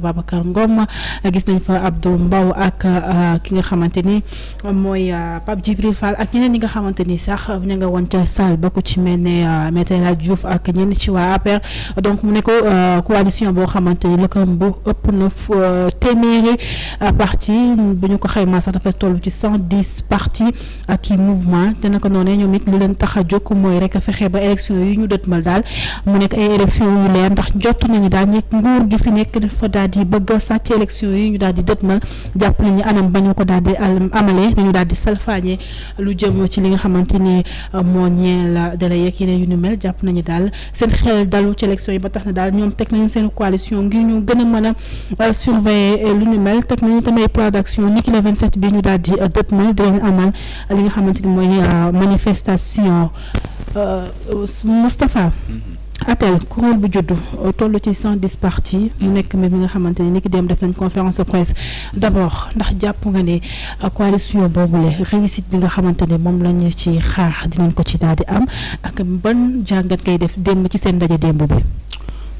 Babacar Ngom gis nañ fa Abdou Mbow ak euh, ki nga xamante ni mooy euh, Pape Djibril Fall ak ñeneen ñi nga xamante ni sax ña nga woon ca salle ba ko ci mel ne euh, Maître El ak ñenn ci waa APR donc mu ne ko coalition boo xamante ni lëkkam bu ëpp na téeméeri parti bu ñu ko xaymaa sax dafa toll ci cent dix parti ak i mouvement te naka noonu ñoom it lu leen tax a jóg mooy rek fexe ba élection yi ñu dëtmal daal mu nekk ay élection yu leer ndax daal ñi nguur gi fi nekk dafa daal di bëgg sàcc élection yi ñu daal di dëtmal jàpp nañu anam ba ñu ko daal di amalee di salfaañe lu jëm ci li nga xamante ni la de dala yeeg yeneen yu ni mel jàpp nañu daal seen xel dalu ci élection yi ba tax na daal ñoom teg nañu seen coalition ngir ñu gën a mën a euh, surveiller euh, lu ni mel teg nañu tamit plan d'action ni ki le 27 bi ñu daal di euh, dëtmal dinañ amal li nga xamante ni mooy manifestation Moustapha. Mm-hmm. appel kuréel bu juddu euh, toll ci cent dix parti mu nekk mi nga xamante ni niki dem def nañ conférence de presse d'abord ndax jàpp nga ne euh, coalition boobule réussite bi nga xamante ne moom lañu ci xaar dinañ ko ci daal di am ak ban jàngat ngay def démb ci seen ndaje démb bi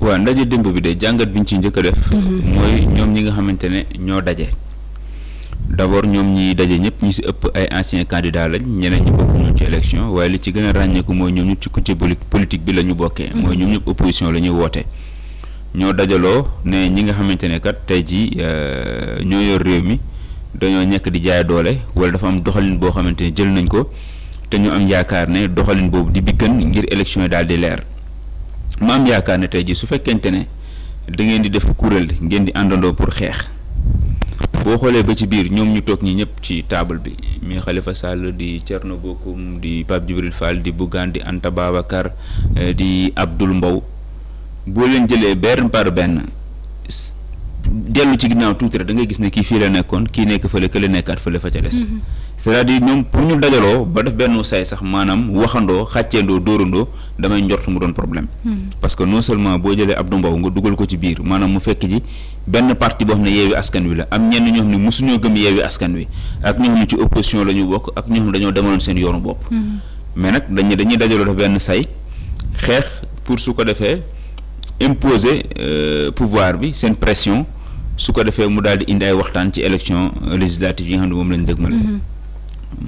waaw ndaje démb bi de jàngat bi ci njëkk def mhm. mooy ñoom ñi nga xamante ne ñoo daje d' abord ñoom ñi daje ñëpp ñu si ëpp ay anciens candidats lañ ñeneen ñi bokkuñu ci élection waaye li ci gën a ràññeeku mooy ñoom ñëpp ci côté politique bi la ñu bokkee. Mm-hmm. mooy ñoom ñëpp opposition la ñuy woote. ñoo dajaloo ne ñi nga xamante ne kat tey jii euh, ñoo yor réew mi dañoo nekk di jaay doole wala dafa am doxalin boo xamante ne jël nañ ko te ñu am yaakaar ne doxalin boobu di bi gën ngir élection yi daal di leer ma am yaakaar ne tey jii su fekkente ne da ngeen di def kuréel ngeen di àndandoo pour xeex. boo xoolee ba ci biir ñoom ñu toog ñi ñëpp ci taabal bi mi Khalifa Sall di Thierno Bocoum di Pape Djibril Fall di Bougane di Anta Babacar eh, di Abdoul Mbow boo leen jëlee benn par benn dellu ci ginnaaw tuuti rek da ngay gis ne kii fii la nekkoon kii nekk fële kële nekkaat fële fa ca des. Mhm. c'est-à-dire ñoom pour ñu dajaloo ba def benn say sax maanaam waxandoo xàcceendoo dóorandoo damay njort mu doon problème. Hmm. parce que non seulement boo jëlee Abdou Mbow nga dugal ko ci biir maanaam mu fekk ji benn parti boo xam ne yeewi askan wi la am ñenn ñoo xam ne mosuñoo gëm yeewi askan wi ak ñoo xam ne ci opposition la ñu bokk ak ñoo xam ne dañoo seen yoonu bopp. Hmm. mais nag dañuy dañuy dajaloo def benn say xeex pour su ko defee. imposer euh, pouvoir bi seen pression su ko defee mu daal di indi ay waxtaan ci élection législative yi nga xam ne moom lañ dëgmal mhm.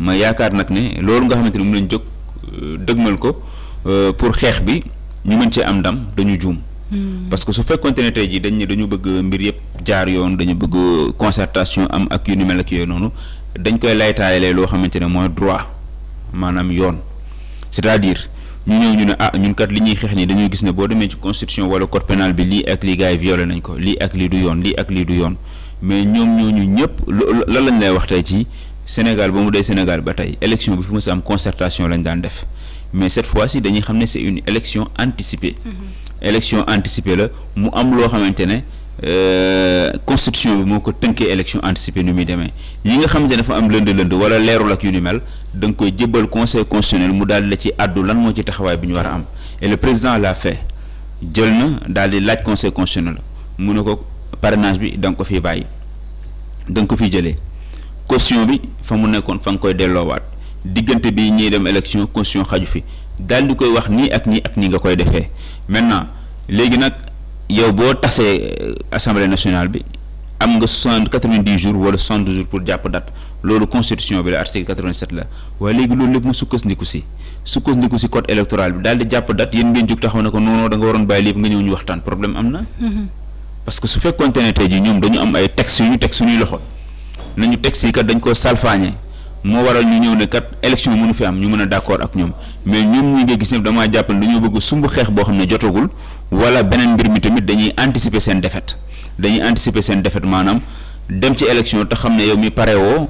ma yaakaar nag ne loolu nga xamante ne moom lañ jóg euh, dëgmal ko euh, pour xeex bi ñu mën cee am ndam dañu juum mhm. parce que su fekkoonte ne tey jii dañ ne dañu bëgg mbir yëpp jaar yoon dañu bëgg concertation am ak yu ni mel ak yooyu noonu dañ koy laytaayalee loo xamante ne mooy droit maanaam yoon c'est-à-dire ñu ñëw ñu ne ah ñun kat li ñuy xeex nii dañuy gis ne boo demee ci constitution wala code pénal bi lii ak lii gars yi nañ ko lii ak lii du yoon lii ak lii du yoon mais ñoom ñu ñëpp lan lañ lay wax tey ci Sénégal ba mu dee Sénégal ba tey élection bi fi mu sa am concertation lañ daan def mais cette fois si dañuy xam ne c'est une élection anticipée. Mm-hmm. élection anticipée la mu am loo xamante ne. Euh, constitution bi moo ko tënkee élection anticipée ni muy demee yi nga xam ne dafa am lënd lënd wala leerul ak yu ni mel da koy jébbal conseil constitutionnel mu daal la ci àddu lan moo ci taxawaay bi ñu war a am et président l'a fait jël na daal di laaj conseil constitutionnel mu ne ko parrainage bi da nga ko fiy bàyyi da ko fiy jëlee caution bi fa mu nekkoon fa nga koy delloowaat diggante bi ñii dem élection caution xaju fi daal di koy wax nii ak nii ak nii nga koy defee maintenant léegi nag. yow boo tasee euh, assemblée nationale bi am nga soixante quatre-vingt-dix jours wala soixante jours pour jàpp date loolu constitution bi la article quatre-vingt-sept la waaye léegi loolu lépp mu sukkandiku si sukkandiku si code électoral bi daal jàpp date yéen ngeen jóg taxaw na ko noonu da nga waroon bàyyi lépp nga ñëw ñu waxtaan problème am na. Mm-hmm. parce que su fekkoonte ne tey ñoom dañu am ay textes yu ñu teg suñuy loxo nañu textes yi kat a d'accord boo xam ne jotagul wala beneen mbir mi tamit dañuy anticiper seen défaite dañuy anticiper seen défaite maanaam dem ci élection te xam ne yow mi pare woo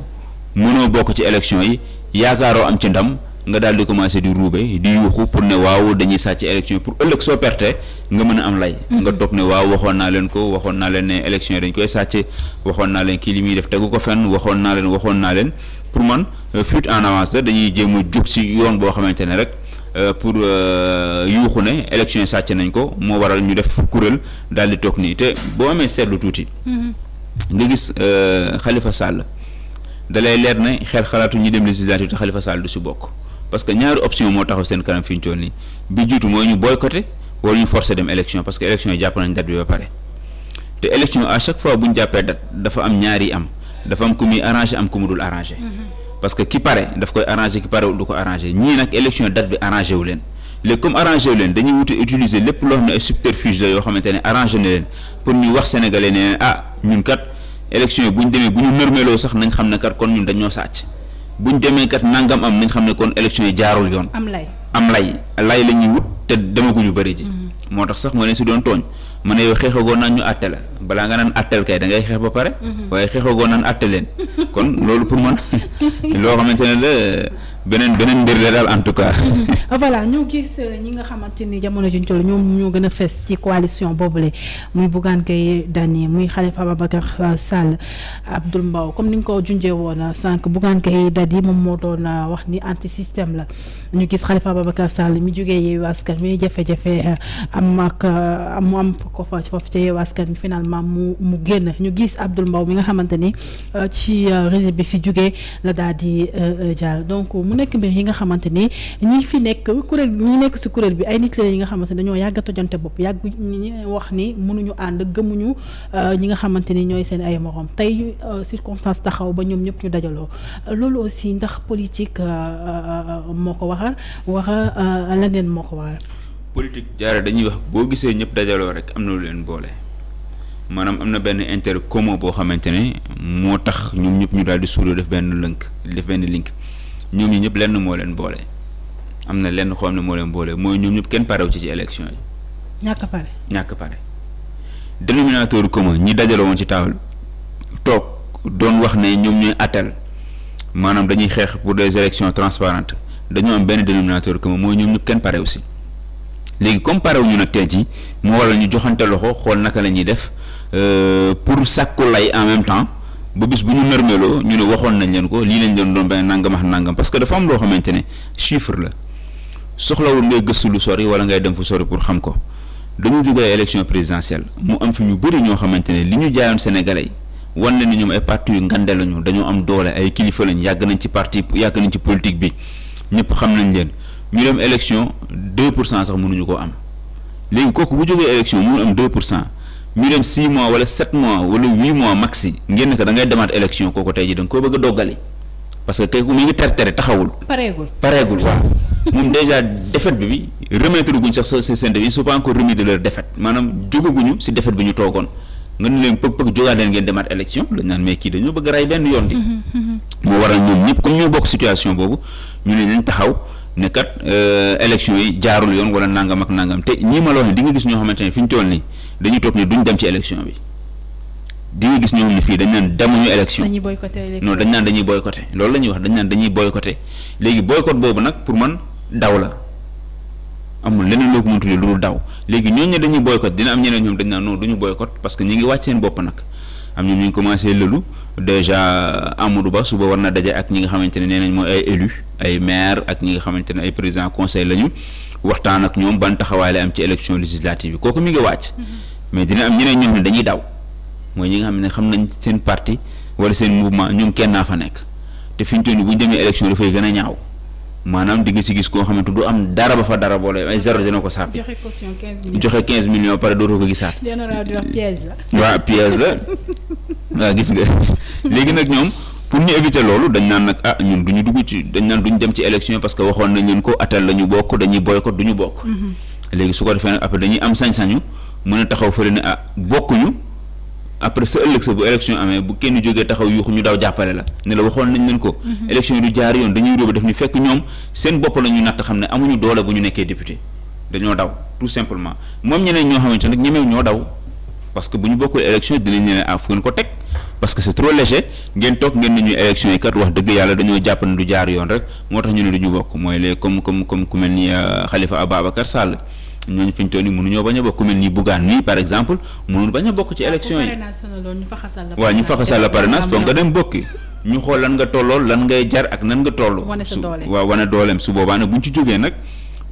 mënoo bokk ci élection yi yaakaaroo am ci ndam nga daal di commencer di ruube di yuuxu pour ne waaw dañuy sàcc élection yi pour ëllëg soo perte nga mën a am lay. Mm-hmm. nga toog ne waaw waxoon naa leen ko waxoon naa leen ne élection yi dañ koy sàcce waxoon naa leen kii li muy def tegu ko fenn waxoon naa leen waxoon naa leen pour man euh, fuite en avance dañuy jéem jug si yoon boo xamante ne rek. Euh, pour euh, yuuxu ne élection yi sàcc nañ ko moo waral ñu def kuréel daal di toog nii te boo amee seetlu tuuti. Mm-hmm. nga gis euh, Khalifa Sall dalay leer ne xel xalaatu ñi dem législative te Khalifa Sall du si bokk parce que ñaari option moo taxaw seen kanam fi ñu toll nii bi jiitu mooy ñu boycotté wala ñu forcé dem élection parce que élection yi jàpp nañ date bi ba pare te élection à chaque fois bu ñu jàppee date dafa am ñaari am dafa am ku muy arrangé am ku mu dul arrangé. Mm-hmm. parce que ki pare daf koy arrangé ki pare du ko arrangé ñii nag élection date bi arrangé wu leen léegi comme arrangé wu leen dañuy wuti utiliser lépp loo xam ne ay subterfuge la yoo xamante ne arrangé na leen pour ñu ne ah ñun kat élection yi bu ñu demee bu ñu nërmeeloo sax nañ xam ne kat kon ñun dañoo sàcc bu ñu demee kat nangam am nañ xam ne kon élection yi jaarul yoon. am lay am lay lay la ñuy wut te demaguñu bëri ji. Mm-hmm. moo tax sax moo leen si doon tooñ. man ne yow xeexagoo naan ñu àtte la balaa nga naan àttel kay da ngay xeex ba pare. Mhm. waaye xeexagoo naan àtte leen kon loolu pour man loo xamante ne la. beneen beneen mbir la daal en tout cas. voilà ñu gis euh, ñi nga xamante ni jamono ji ñu ñoom ñoo gën a fes ci coalition boobule muy Bougane Gueye Dany muy Khalifa Babacar euh, Sall Abdoul Mbow comme ni nga ko junjee woon euh, sànq Bougane Gueye Dany moom moo doon wax ni anti système la ñu gis Khalifa Babacar Sall mi jógee Yewwi Askan Wi jafe-jafe am ak mu am ko fa foofu ca Yewwi Askan Wi finalement mu mu génn ñu gis Abdoul Mbow mi nga xamante ni ci réseau bi fi jugee la daal di mu nekk mbir yi nga xamante ni ñi fi nekk kuréel ñi nekk si kuréel bi ay nit la yi nga xamante ne dañoo yàgg a tojante bopp yàgg ñi wax ni mënuñu ànd gëmuñu euh, ñi nga xamante ni ñooy seen ay morom tey euh, circonstance taxaw ba ñoom ñëpp ñu dajaloo loolu aussi ndax politique euh, moo ko waxal waxa leneen moo ko waxal politique jaare dañuy wax boo gisee ñëpp dajaloo rek am na lu leen boole maanaam am na benn intérêt commun boo xamante ne moo tax ñun ñëpp ñu daal di suuroo def benn lënk def benn link ñoom ñi ñëpp lenn moo leen boolee am na lenn xoom ne moo leen boole mooy ñoom ñëpp kenn parew ci ci élection yi. ñàkk pare ñàkk pare. ñi dajale woon ci table toog doon wax ne ñoom ñooy attelle maanaam dañuy xeex pour des élections transparentes dañoo am benn dénominateur commun mooy ñoom ñëpp kenn parew si léegi comme parew ñu nag tey jii moo waral ñu joxante loxo xool naka la ñuy def euh, pour sàkku lay en même temps. ba bis bu ñu nërmeloo ñu ne waxoon nañ leen ko lii lañ leen doon benn nangam ak nangam parce que dafa am loo xamante ne chiffre la soxlawul ngay gëstu lu sori wala ngay dem fu sori pour xam ko dañu jógee élection présidentielle mu am fi ñu bëri ñoo xamante ne li ñu jaayoon sénégalais yi wan leen ne ñoom ay parti yu ngande lañu dañoo am doole ay kilifa lañ yàgg nañ ci parti yàgg nañ ci politique bi ñëpp xam nañ leen ñu dem élection deux pour cent sax mënuñu ko am léegi kooku bu jógee élection am 2 pour cent. ñu dem 6 mois wala 7 mois wala 8 mois maxi si ne ko da ngay demaat élection kooku tey jii da nga koo bëgg a doggali parce ter tere taxawul. pareegul pareegul waaw. moom déjà défaite bi bi remettre guñ sax sa seen défi ils sont pas encore remis de leur si défaite bi ñu toogoon nga ne leen pëg pëg jógaat leen ngeen demaat élection dañ naan mais kii dañoo bëgg ray benn yoon mm-hmm. moo waral ñoom ñëpp comme ñoo bokk situation boobu ñu ne leen taxaw. ne kat euh, élection yi jaarul yoon wala nangam ak nangam te ñii ma loo xam di nga gis ñoo xamante ne fi ñu toll nii dañuy toog ni duñ dem ci élection bi di nga gis ñoom ni fii dañ naan demuñu élection dañuy boycotté élection non dañ naan dañuy boycotté loolu lañuy wax dañ naan dañuy boycotté léegi boycott boobu nag pour man daw la amul leneen loo ko mën tuddee lu dul daw léegi ñooñu ne dañuy boycott dina am ñeneen ñoom dañ naan non duñu boycott parce que ñu ngi wàcc seen bopp nag am ñoom ñu ngi commencé lëlu déjà Amadou Ba suba war na daje ak ñi nga xamante ne nee nañ mooy ay élu ay maire ak ñi nga xamante ne ay président conseil lañu waxtaan ak ñoom ban taxawaay am ci élection législative bi kooku mi ngi wàcc mais dina am ñeneen ñoo xam ne dañuy daw mooy ñi nga xam ne xam nañ seen parti wala seen mouvement ñoom kenn naa fa nekk te fi ñu toll bu ñu demee élection dafay gën a ñaaw. maanaam di nga si gis koo xamante du am dara ba fa dara boole ay zéro dina ko sàppi. joxe caution 15 millions joxe 15 millions pare dootoo ko gisaat. général piège la. waaw gis nga léegi nag ñoom pour ñu éviter loolu dañ naan nag ah ñun du ñu dugg ci dañ naan duñu dem ci élection parce que waxoon nañ leen ko atal la ñu bokk dañuy boycott du ñu bokk. Mhm. léegi su ko defee nag après dañuy am sañ-sañu mën a taxaw fële ne ah bokkuñu. après sa ëllëg sa bu élection amee bu kenn jógee taxaw yuuxu ñu daw jàppale la ne la waxoon nañ leen ko mhm. élection yi du jaar yoon dañuy róoba def ni fekk ñoom seen bopp la ñu natt xam ne amuñu doole bu ñu nekkee député dañoo daw tout simplement moom ñeneen ñoo xamante nag ñemeew ñoo daw parce que bu ñu bokkul élection dinañ ne ah ngeen ko teg parce que c'est trop léger ngeen toog ngeen ne ñuy yi kat wax dëgg yàlla dañoo jàpp ne du jaar yoon rek moo tax ñu ne du ñu bokk mooy les comme comme comme ku mel ni euh, Khalifa Ababacar ñooñu fi ñu toll nii mënuñoo bañ a bokk ku mel ni Bougane nii par exemple mënul bañ a bokk ci ah, élection yi waaw ñu faxasal la parrainage foog nga dem bokki ñu xool lan nga tollool lan ngay jar ak nan nga toll su waaw wane dooleem su boobaa nag bu ñu ci jógee nag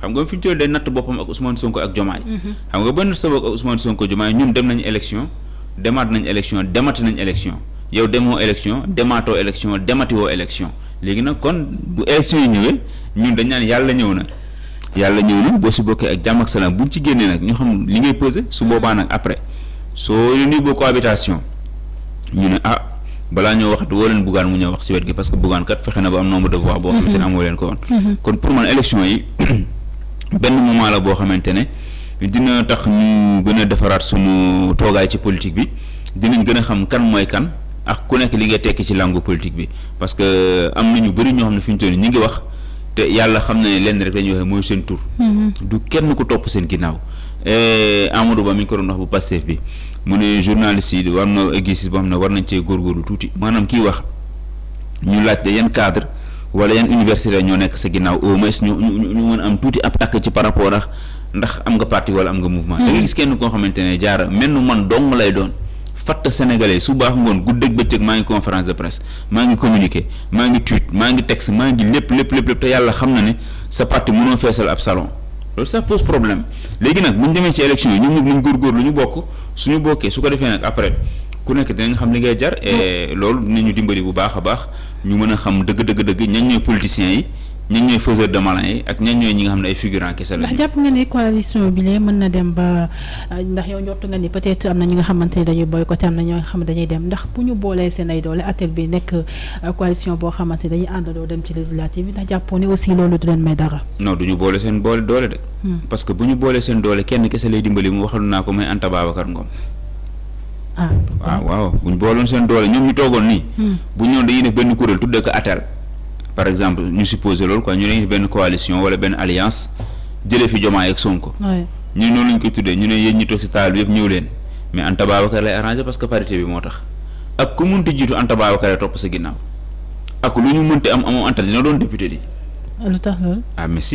xam nga fi ñu toll day natt boppam ak Ousmane Sonko ak Diomaye mhm. xam nga ba natt sa bopp ak Ousmane Sonko Diomaye ñun dem nañu élection demaat nañ élection demati nañ élection yow demoo élection demaatoo élection demati woo élection léegi nag kon bu élection yi ñëwee ñun dañ naan yàlla ñëw na yàlla ñëw na boo si bokkee ak jàmm ak salaam buñ ci génnee nag ñu xam li ngay peser su boobaa nag après soo ñu ni boo cohabitation ñu ne ah balaa ñoo wax woo leen Bougane mu ñëw wax si wet gi parce que Bougane kat fexe na ba am nombre de voix boo xamante ne mm-hmm. mm-hmm. la boo xamante ne dina tax ñu gën a defaraat suñu toogaay ci politique bi dinañ gën a xam kan mooy kan ak ku nekk li nga tekki ci làngu politique bi parce que am na ñu bëri ñoo xam ne fi ñu toll ñu ngi wax te yàlla xam na ne lenn rek la ñuy waxee mooy seen tour mm-hmm. du kenn ko topp seen ginnaaw. Eh, Amadou Ba mi ngi ko doon wax bu Pastef bi mu ne journaliste yi war na gis boo xam ne war nañ cee góorgóorlu tuuti maanaam kii wax ñu laajte yan cadre wala yan université ñoo nekk sa ginnaaw au moins ñu ñu ñu mën am tuuti attaque ci par rapport ak ndax am nga parti wala am nga mouvement. Mm-hmm. da gis kenn koo xamante ne jaara mel nu man dong lay doon. fatt sénégalais su baax ngoon guddeeg bëccëg maa ngi conférence de presse maa ngi communiqué maa ngi tweet maa ngi texte maa ngi lépp lépp lépp lépp te yàlla xam na ne sa parti mënoo feesal ab salon loolu ça pose problème léegi nag bu ñu demee ci élection yi ñoom ñëpp nañ góorgóorlu ñu bokk suñu bokkee su ko defee nag après ku nekk dinañ xam li ngay jar et mm. loolu dinañu dimbali bu baax a baax ñu mën a xam dëgg dëgg dëgg ñan ñooy politiciens yi ñan ñooy de malin yi ak ñan ñi nga xam ne ay figurant kese la. ndax jàpp nga ne coalition bi lee mën na dem ba euh, ndax yow njort nga ni peut am na ñi nga xam ne dañuy boolee seen doole bi nekk euh, coalition boo xamante ne dañuy àndandoo de. Hmm. parce bu ñu boolee seen doole kenn kese lay dimbali mu waxal naa ko mooy Anta Babacar Ngom. Ah, ah, waaw waaw booloon seen doole ñoom ñu toogoon nii. Hmm. bu ñëw dañuy def benn kuréel tuddee ko atel par exemple ñu supposé loolu quoi ñu ne benn coalition wala benn alliance jëlee fi Diomaye ak Sonko. ñu noonu lañ ko tuddee ñu ne yéen ñi si taal bi yëpp ñëw leen mais Anta Babacar lay arrangé parce que parité bi moo tax ak ku mënti jiitu Anta Babacar lay topp sa ginnaaw ak lu ñu mënti am amoo Anta dina doon député di. ah mais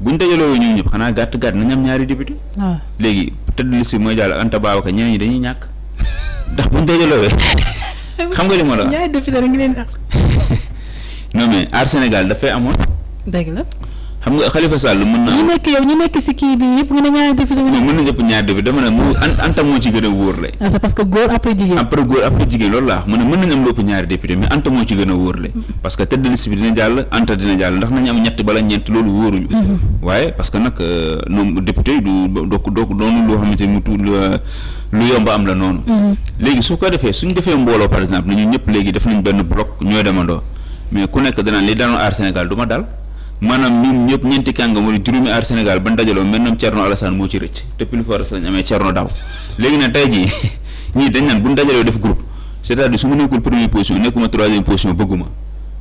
buñ dajaloo ñëw ñëpp xanaa gàtt gàtt nañ ñaari député. waaw ah. léegi tëdd liste bi mooy jàll Anta Babacar ñeneen ñi dañuy ñàkk ndax buñ non mais aar Sénégal dafay amoon. dëgg la. xam na. ñi nekk yow ñi nekk si kii bi yëpp ëpp ñaari député dama ne mu Anta moo ci gën a wóor le. ah c'est parce que góor après jigéen. après góor après jigéen loolu laa am lu ëpp ñaari député mais Anta moo ci a wóor que tëdd liste wóoruñu. Mhm. waaye parce que nag euh, député yi du do do doonu loo xamante ni mu tuut lu yomb am la noonu. Mhm. léegi soo ko defee su ñu defee mbooloo par exemple ñun ñëpp léegi def nañ benn bloc ñooy demandoo mais ku nekk danaa li daanoon aar Sénégal du ma daal maanaam ñun ñëpp ñeenti kàngam wala juróomi aar Sénégal ban dajaloo mel noonu Thierno Alassane moo ci rëcc depuis lu force lañ amee Thierno daaw léegi nag tey jii ñii dañ naan bu ñu dajaloo def groupe c'est-à-dire su ma nekkul première position nekkuma troisième position bëgguma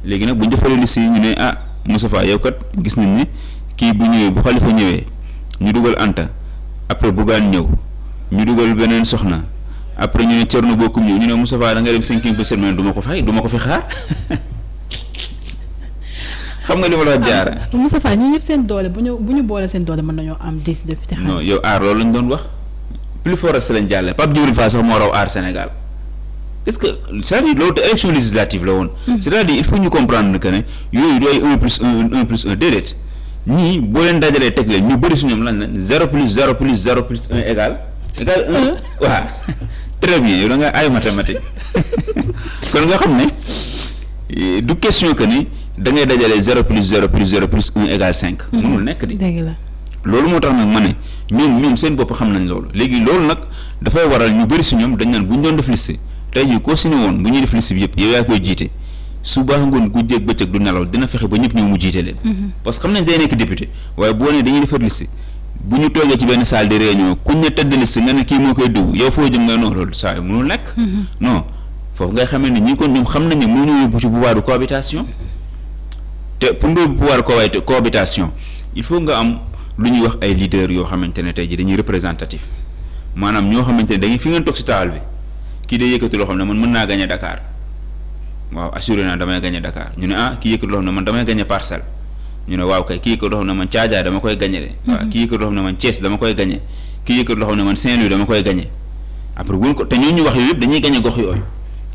léegi nag bu ñu defalee liste yi ñu ne ah Moustapha yow gis nañ ne kii bu ñëwee bu Khalifa ñëwee ñu dugal Anta après Bougane ñëw ñu dugal beneen soxna après ñu ne Thierno bokkum ñëw ñu ne Moustapha da nga dem cinquième position du ma ko fay du ko fi xaar xam nga li ma la jaar ah, Moustapha ñi ñëpp seen doole bu ñu bu ñu boole seen doole mën nañoo am dix député non yow aar loolu lañ doon wax plus fort ak si lañ jàlle Pape Djibril Fall sax moo raw aar Sénégal est-ce que c'est-à-dire loolu te élection législative la woon hmm. c'est-à-dire il faut ñu comprendre que ne yooyu dooy un plus un un plus un déedéet ñii boo leen dajalee teg leen ñu bëri su ñoom lañ na zéro plus zéro plus zéro plus un égal égal un waaw euh. très bien yow da nga ay mathématique xam ne du question que dangay ngay dajale zéro plus zéro plus plus un mhm. nekk di loolu moo tax nag ma ne ñoom ñoom seen bopp xam nañ loolu léegi loolu nag dafay waral ñu bëri si ñoom dañ naan bu ñu doon def liste tey jii koo si woon bu ñuy def liste bi yëpp yow yaa koy jiite su baax ngoon guddeeg bëccëg du nelaw dina fexe ba ñëpp ñëw mu jiite leen. Mhm. parce que xam nañ day nekk député waaye boo nee dañuy defar liste bu ñu toogee ci benn salle de réunion kuñ ne tëdd liste nga ne kii moo koy diw yow foo jëm nga non loolu saa yu mënul nekk. Mhm. non foofu ngay xamee ne kon ñoom xam nañ ne mënuñu yóbbu ci pouvoir te pour nga pouvoir cohabiter cohabitation il faut nga am lu ñuy wax ay leaders yoo xamante ne tey jii dañuy représentatif maanaam ñoo xamante ne dañuy fi ngeen toog si taal bi kii day yëkkati loo xam ne man mën naa gagné dakaar waaw assuré naa damay gagné dakaar ñu ne ah kii yëkkati loo xam ne man damay gagné parcelle ñu ne waaw kay kii yëkkati loo xam ne man dama koy gagné de. Mm-hmm. waaw kii yëkkati loo xam ne man Thiès dama koy gagné kii yëkkati loo xam ne man Saint-Louis dama koy gagné après wër ko te ñooñu wax yooyu yëpp dañuy gagné gox yooyu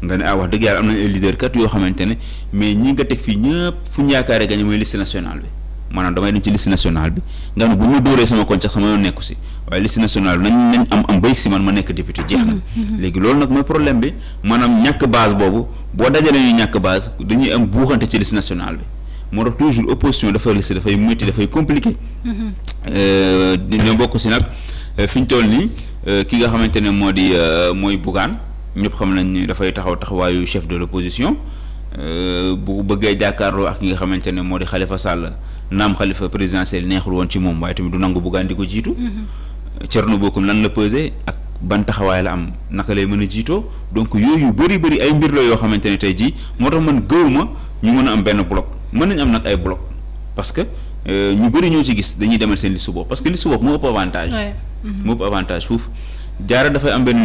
nga ne ah wax dëgg yàlla am nañ ay leader kat yoo xamante ne mais ñi nga teg fii ñëpp fu ñu yaakaaree gañe mooy liste nationale bi maanaam damay dem ci liste nationale bi nga ne bu ñu dóoree sama koñ sax sama yoon nekku si waaye liste nationale bi na mm-hmm. Mm-hmm. léegi loolu nag mooy moo tax toujours opposition dafay liste dafay métti dafay compliqué mm-hmm. euh, ñoo bokk si nag euh, fi ñu toll nii euh, ki nga xamante ne moo di mooy Bougane ñëpp xam nañ ni dafay taxaw taxawaayu chef de l'opposition euh, bu bëggee jàkkaarloo ak ñi nga xamante ne moo di Khalifa Sall naam Khalifa présidentiel neexul woon ci moom waaye tamit du nangu Bougane di ko jiitu. Mm-hmm. Thierno Bocoum lan la pesé ak ban taxawaay la am naka lay mën a jiitoo donc yooyu bëri bëri ay mbir la yoo xamante ne tey jii moo tax man gëw ma ñu mën a am benn bloc mën nañ am nag ay bloc parce que euh, ñu bëri ñoo ci gis dañuy demal seen liste bopp parce que liste bopp moo ëpp avantage. Mm-hmm. moo avantage foofu jaara dafay am benn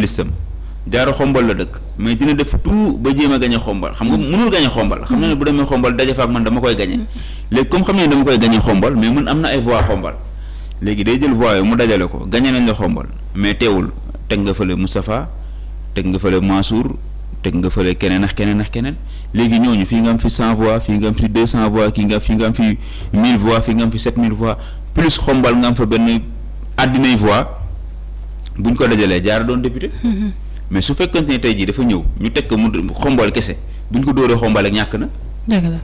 jaaro xombal la dëkk mais dina def tout ba jéem a gañe xombal xam nga mm. mënul gañe xombal xam na ne bu demee xombal daje fa ak man dama koy gañe mm. léegi comme xam ne dama koy gañe xombal mais mun am na ay voix xombal léegi day jël voix yi mu dajale ko gañe nañ la xombal mais teewul teg nga fële Moustapha teg nga fële Mansour teg nga fële keneen ak keneen ak keneen léegi ñooñu fii nga fi cent voix fii nga am fi deux cent voix kii nga am fii nga am fi mille voix fii nga am fi sept mille voix plus xombal nga fa benn àddinay voix buñ ko dajalee jaara doon député mm-hmm. mais su fekkante ne tey jii dafa ñëw ñu teg ko mu xombal kese bu ñu ko dóoree xombal ak ñàkk na.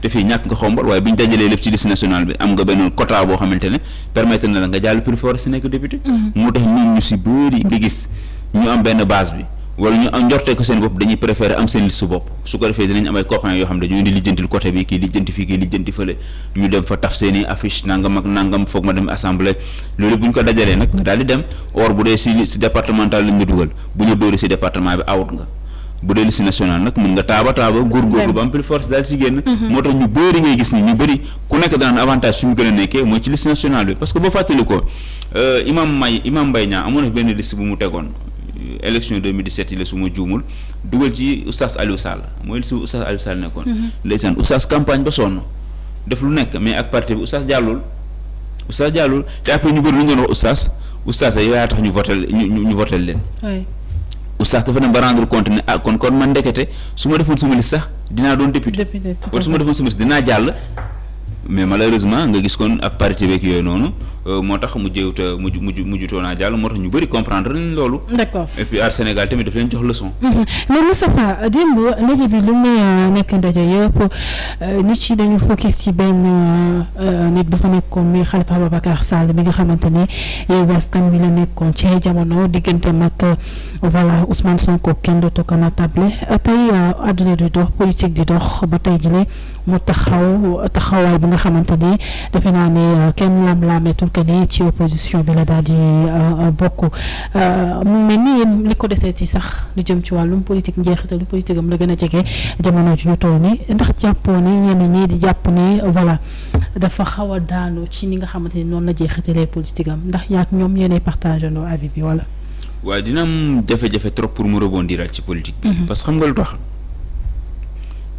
te fii ñàkk nga xombal waaye bi ñu dajalee lépp ci liste nationale bi am nga benn quota boo xamante ne permettre na la nga jàll plus fort si nekk député. Mm-hmm. moo tax ñun ñu si bëri nga gis ñu am benn baas bi. wala ñu njortee ko seen bopp dañuy préférer am seen liste bopp su ko defee dinañ am ay yoo xam ne dañoo lijjantil côté bi kii lijjanti fële ñu dem fa taf seen i affiche nangam ak foog ma dem assemblée loolu bu ñu ko dajalee nag nga daal dem or bu dee si si départemental lañ nga dugal bu ñu dóori si département bi awut nga bu dee liste nationale nag mën nga taaba taaba góorgóorlu ba am force daal si génn mhm. moo tax ñu bëri ngay gis ni ñu bëri a nekkee mooy ci liste nationale bi parce que boo fàttali ko euh, imam may élection 2017 yi la su ma juumul dugal ci oustaz Aliou Sall mooy su oustaz Aliou Sall nekkoon. Mm-hmm. ndeysaan oustaz campagne ba sonn def lu nekk mais ak parti bi oustaz jàllul oustaz jàllul te après ñu bëri lu ñu doon wax oustaz oustaz ay tax ñu voté ñu ñu voté leen. oustaz dafa dem ba rendre compte ne ah kon kon man ndekete su ma defoon sama liste sax dinaa doon député. député wala su ma defoon sama liste dinaa jàll mais malheureusement nga gis kon ak parti beeg yooyu Euh, moo tax mu jéewut a mujj mujj mujjutoon naa jàll moo tax ñu bëri comprendre nañ loolu. d'accord et puis Aar Sénégal tamit daf leen jox leçon. Mhm. mais Moustapha démb ndaje bi lu muy euh, nekk ndaje yëpp euh, nit ci dañu focus ci benn nit bu fa nekkoon muy Khalifa Ababacar Sall mi nga xamante ni yow askan mi la nekkoon ci jamono diggante mag voilà Ousmane Sonko kenn dootu ko na table tey àdduna di dox politique di dox ba tey jii mu taxaw taxawaay bi nga xamante defe naa ne kenn laam-laameetul. xamante ni ci opposition bi la daal di euh, euh, bokk euh, mu mel ni li ko desee ci sax lu jëm ci wàllum politique njeexitalu politique am la gën a jege jamono ju ñu toll ni ndax jàppoo ni ñenn ñi di jàpp ni voilà dafa xaw a daanu ci ni nga xamante ni noonu la jeexitalee politique am ndax yaak ñoom yéenay partagé ndoo avis bi wala. waaw dina am jafe-jafe trop pour mu rebondir ci politique. Mhm. parce xam nga lu tax.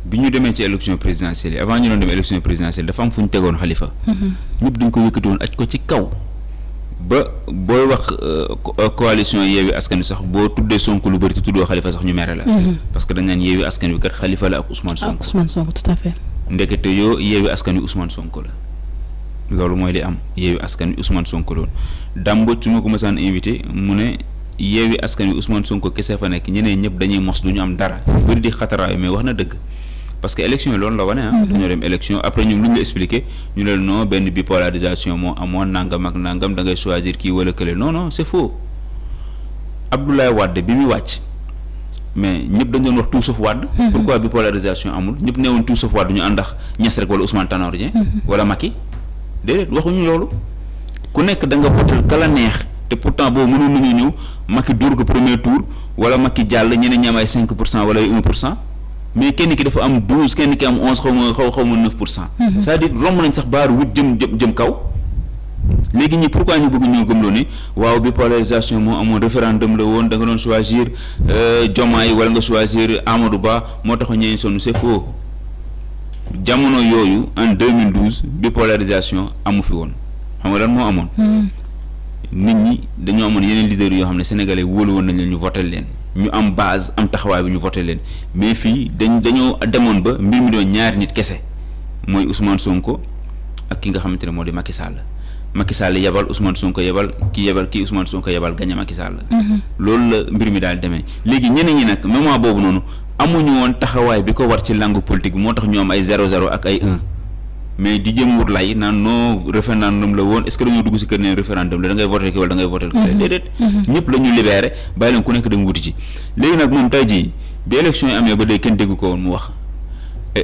bi ñu demee ci élection présidentielle yi avant ñu doon dem élection présidentielle dafa am fu ñu tegoon xalifa mhm. ñëpp dañ ko yëkkatoon aj ko ci kaw ba booy wax euh, coalition yeewi askan bi sax boo tuddee Sonko lu bëri te tuddoo xalifa sax ñu mere la mhm. parce que dañ naan yeewi askan bi kat xalifa la ak Ousmane Sonko ak Ousmane Sonko tout à fait ndekete yoo yeewi askan wi loolu mooy li am yeewi askan wi Ousmane Sonko loon dàmbo su ma ko mësaan invité mu ne yeewi askan wi Ousmane Sonko kese fa nekk parce que élection yi loolu la wane ah. Mhm. dañoo dem élection après ñun lu ñu la expliqué ñu leen non benn bipolarisation moo amoon nangam ak nangam da ngay choisir kii wala kële non non c'est faux Abdoulaye Wade bi muy wàcc mais ñëpp dañ doon wax tout sauf Wade. Mhm. pourquoi bipolarisation amul ñëpp ne woon tout sauf Wade ñu àndax Niass rek wala Ousmane Tanor Dieng. Mhm. wala Macky déedéet waxuñu loolu ku nekk da nga potal kala neex te pourtant boobu mënoon nañu ñëw Macky dóor ko premier tour wala Macky jàll ñeneen ñi am ay 5 pour cent wala pour cent. mais kenn ki dafa am douze kenn ki am onze xaw ma xaw xaw ma neuf pour cent. Mhm. c'est-à-dire romb nañ sax baar wut jëm jëm jëm kaw. léegi ñi pourquoi ñu bëgg ñoo gëmloo ne waaw bipolarisation moo amoon référendum la woon da nga doon choisir euh, Diomaye wala nga choisir Amadou Ba moo tax ñeen sonn c'est faux jamono yooyu en 2012 bipolarisation amu fi woon xam nga lan moo amoon. Mhm. nit ñi dañoo amoon yeneen leaders yoo xam ne sénégalais wóolu woon nañ leen ñu voté leen. ñu am base am taxawaay bi ñu voté leen mais fii dañ dañoo demoon ba mbir mi doon ñaari nit kese mooy Ousmane Sonko ak ki nga xamante ne moo di Macky Sall Macky Sall yebal Ousmane Sonko yebal ki yebal ki Ousmane Sonko yebal gañe a Sall. Mhm. loolu la mbir mi daal demee léegi ñeneen ñi nag moment boobu noonu amuñu woon taxawaay bi ko war ci langue politique bi moo tax ñu am ay zéro zéro ak ay un. mais di jëm wut lay naan non référendum la woon est ce que dañoo dugg si kër neen référendum la da ngay voté ki wala da ngay voté ki mhm. déedéet mhm. ñëpp la ñu libéré bàyyi leen ku nekk dem wuti ci léegi nag moom tey amee ba day kenn dégg ko woon mu wax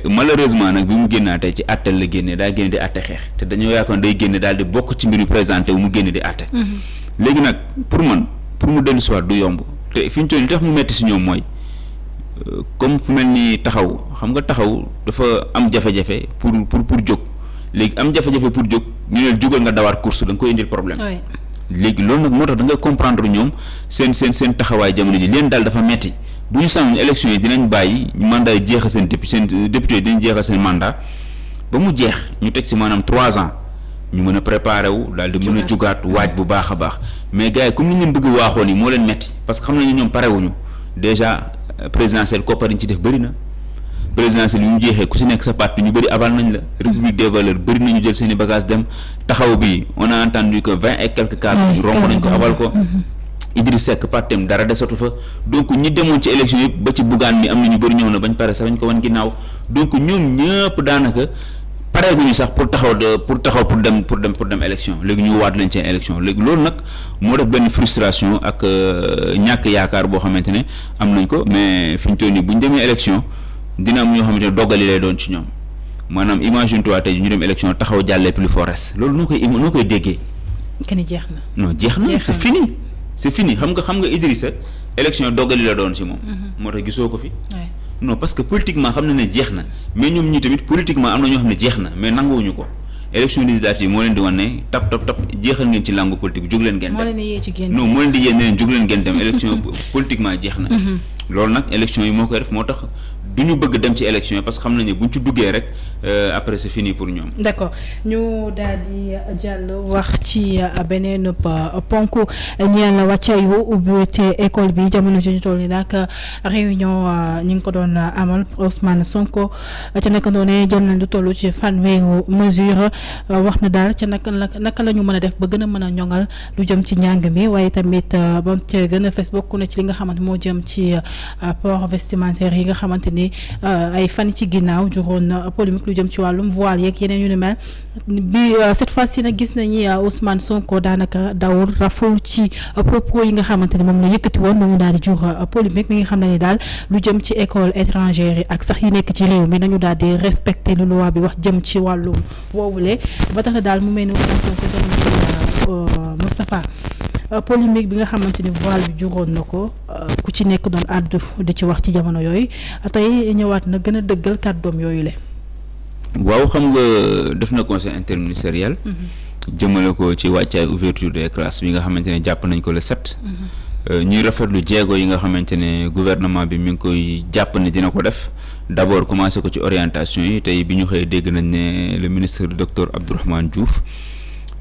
malheureusement nag bi mu génnaatee ci attel la génne daa génne di atte xeex te dañoo yaakaar day génne daal di bokk ci mbiru présenté wu mu génne di atte mhm. léegi nag pour man pour mu dellu siwaat du yomb te fi ñu toll li tax mu metti si ñoom mooy comme fu mel ni taxaw xam nga taxaw dafa am jafe-jafe pour pour pour jóg léegi am jafe-jafe pour jóg ñu ne jógal nga dawaat course da koy indil problème. léegi loolu nag moo tax da ngay comprendre ñoom seen seen seen taxawaay jamono ji leen daal dafa metti bu ñu sànni élection yi dinañ bàyyi mandat yi jeexal seen député seen euh, député yi jeexal seen mandat ba mu jeex ñu teg ci maanaam trois ans ñu mën a préparer wu daal di mën a jugaat waaj bu baax a baax mais gars yi comme ni ñu leen bëgg waaxoon moo leen metti que xam nañu ñoom parewuñu déjà présidentielle koppar yi ñu ci def bëri présidentielle yu ñu jeexee ku si nekk sa parti ñu bëri abal nañ la république des valeurs bëri jël seen i dem taxaw bi on a entendu que vingt et quelques cas romb nañ ko abal ko mhm. Idriss Seck partem dara desatu fa donc ñi demoon ci élection yëpp ba ci Bougane mi am na ñu bëri ñëw na bañ pare sax bañ ko wan ginnaaw donc ñoom ñëpp daanaka pareeguñu sax pour taxaw de pour taxaw pour dem pour dem pour dem élection léegi ñu waat leen seen élection léegi loolu nag moo def benn frustration ak euh, ñàkk yaakaar boo xamante ne am nañ ko mais fi ñu toll nii bu ñu demee élection dina am ñoo xamante ne doggali lay doon ci ñoom maanaam imagine toi tey ñu dem élection taxaw jàllee plus forest loolu noo koy noo koy déggee. kenn jeex na. non jeex na c'est fini c'est fini xam nga xam nga Idrissa élection doggali doon ci moom. Mm-hmm. moo gisoo ko fi. non parce politiquement xam na ne jeex na mais ñoom ñii tamit politiquement am na ñoo xam ne jeex na mais nanguwuñu ko élection législative moo leen di wan ne tap tap jeexal ngeen ci langue politique jóg leen ngeen dem non moo leen di yee ne leen jóg leen ngeen dem élection politiquement jeex na mhm. loolu nag élection yi moo koy def moo tax du ñu bëgg dem ci élection yi parce que xam nañu ne bu ñu ci duggee rek euh, après c'est fini pour ñoom. d'accord ñu daal jàll wax ci euh, beneen euh, ponk ñeel wàccaayu ubbite école bi jamono ji ñu toll nii nag réunion ñi ngi ko doon amal Ousmane Sonko ca naka noonee jël nañ lu toll ci fanweeru mesure wax na daal ca naka la naka la ñu mën a def ba gën a mën a ñoŋal lu jëm ci njàng mi waaye tamit ba mu cee gën a fes bokk na ci li nga xamante moo jëm ci port vestimentaire ni euh, ay fan ci ginnaaw juróon polémique lu jëm ci wàllum voile yeeg yeneen yu ni mel bi euh, cette fois ci nag gis nañu euh, Ousmane Sonko daanaka dawul raful ci propos yi nga xamante ne moom la yëkkati woon ba mu daal di jur polémique mi nga xam ne ni daal lu jëm ci école étrangère yi ak sax yi nekk ci réew mi nañu daal di respecter lu loi bi wax jëm ci wàllum woowule ba tax daal mu mel ni Ousmane Sonko Euh, polémique bi nga xamante ni voile bi juróon na ko euh, ku ci nekk doon àddu di ci wax ci jamono yooyu tey ñëwaat na gën a dëggal kàddoom yooyu le waaw xam nga def na conseil interministériel. Mhm. jëmale ko ci wàccaay ouverture de classes bi nga xamante ne jàpp nañ ko le sept. Mhm. Euh, ñuy rafetlu jéego yi nga xamante ne gouvernement bi mi ngi koy jàpp ne dina ko def d' abord commencé ko ci orientation yi tey bi ñu xëyee dégg nañ ne le ministre docteur Abdourahmane Diouf.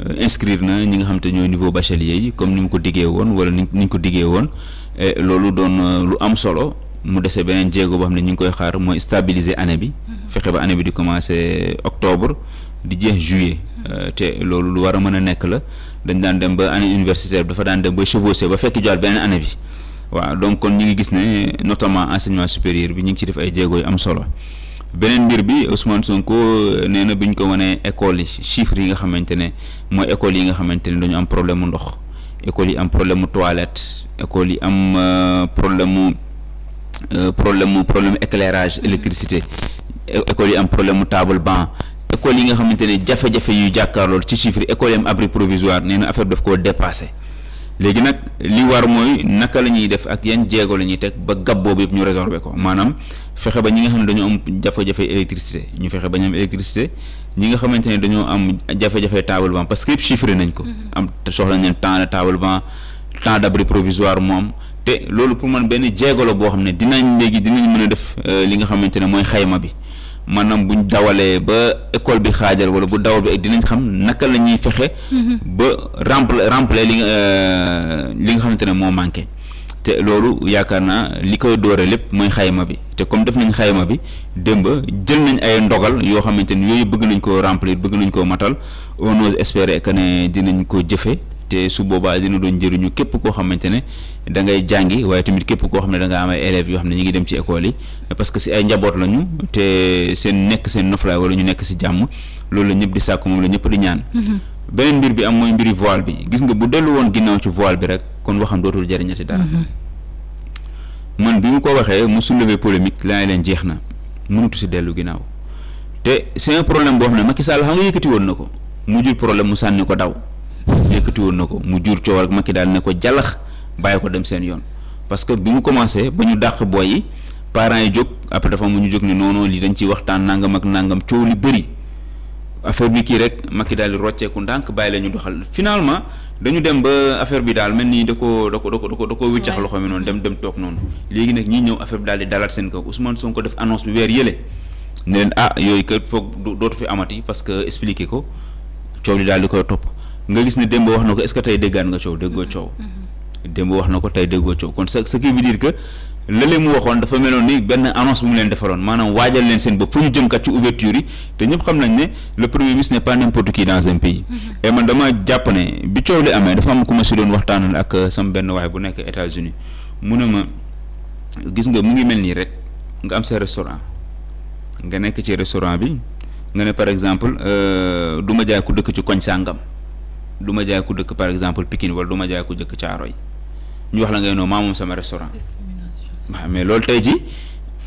Euh, inscrire na ñi nga xam te ñooy niveau bachelier yi comme ni mu ko diggee woon wala ni ñu ko diggee woon loolu doon euh, lu am solo mu dese beneen jéego boo xam ne ñu ngi koy xaar mooy stabiliser année bi mm-hmm. fexe ba année bi di commencer octobre di jeex juillet mm-hmm. euh, te loolu lu war a mën a nekk la dañ daan dem ba année universitaire bi dafa daan dem ba chevauché ba fekk joxaat beneen année bi waaw donc kon ñu ngi gis ne notamment enseignement supérieur bi ñu ngi ci def ay jéego am solo beneen mbir bi Ousmane Sonko euh, nee na bi ñu ko wanee école yi chiffres yi nga xamante ne mooy école yi nga xamante ne dañu am problème mu ndox école yi am problème mu toilette école yi am euh, euh, problème mu problème mu problème éclairage électricité école yi am problème mu table banc école yi nga xamante ne jafe-jafe yu jàkkaarlool ci chiffres yi école yi am abri provisoire nee na affaire bi daf koo dépassé léegi nag li war mooy naka la ñuy def ak yan jéego la ñuy teg ba gab boobu yëpp ñu résorber ko maanaam fexe ba ñi nga xam ne dañoo am jafe-jafe électricité ñu fexe ba ñu am ñi nga xamante ne dañoo am jafe-jafe table parce que yëpp chiffré nañ ko. Mm-hmm. am soxla nañ temps de table-banc temps d'abri provisoire moom te loolu pour man benn jéego la boo xam ne dinañ léegi dinañ mën a def euh, li nga xamante ne mooy xayma bi. maanaam buñ dawalee ba école bi xaajal wala bu dawal bi dinañ xam naka la ñuy fexe. Mhm. ba rempla remplir li nga euh, li nga xamante ne moo manqué. te loolu yaakaar naa li koy dooree lépp mooy xayma bi te comme def nañ xayma bi démb jël nañ ay ndogal yoo xamante ni yooyu bëgg nañ koo remplir bëgg nañ koo matal on ose espérer que ne dinañ ko jëfe te su boobaa dina doon njëriñu képp koo xamante ne jàngi waaye tamit képp koo xam ne da nga am ay élèves yoo xam ne ñu ngi dem ci école yi parce que si ay njaboot lañu te seen nekk seen noflaay wala ñu nekk si jàmm loolu la di sàkku moom la di ñaan. Mm-hmm. beneen mbir bi am mooy mbiri voile bi gis nga bu dellu woon ginnaaw ci voile bi rek kon waxam dootul jëriñati dara. Mm-hmm. man bi mu ko waxee mu soulever polémique laa leen jeex na mënatu si dellu ginnaaw te c'est un problème boo na ko mu jur problème mu sànni ko daw. yëkkati woon na ko mu jur coow rek daal ne ko jàllax bàyyi ko dem seen yoon parce que bi mu commencé ba ñu dàq booy yi yi jóg après dafa mu ñu jóg ni noonu li ciy waxtaan nangam ak nangam coow li bëri affaire kii rek Macky daal di rocceeku ndànk bàyyi la ñu doxal finalement dañu dem ba affaire bi mel ni da ko da ko da ko da ko wiccax loxo mi noonu dem dem toog noonu léegi nag ñi ñëw affaire bi daal di dalaat seen kaw soo ko def annonce bi weer yële ne ah yooyu kër foog dootu fi amati parce que expliqué ko coow li daal di koy topp. nga gis ne démb wax na ko est-ce que tey déggaan nga coow déggoo coow. démb wax na ko tey déggoo coow kon ce qui veut dire que lële mu waxoon dafa meloon ni benn annonce bu mu leen defaloon maanaam waajal leen seen bopp fu ñu jëm kat ci ouverture yi te ñëpp xam nañ ne le premier ministre n'est pas n'importe qui dans un pays. Mm-hmm. dama jàpp ne bi coow li amee dafa am ku ma si doon waxtaanal ak euh, sama benn waay bu nekk États-Unis mu ne ma gis nga mu ngi mel nii rek nga am sa restaurant nga nekk ci restaurant bi nga ne par exemple euh, du ma jaay ku ci koñ sàngam. du ma jaay ku dëkk par exemple Pikine wala du ma jaay ku dëkk Thiaroye ñu wax la ngay noo maa moom sama restaurant waaw mais loolu tey ji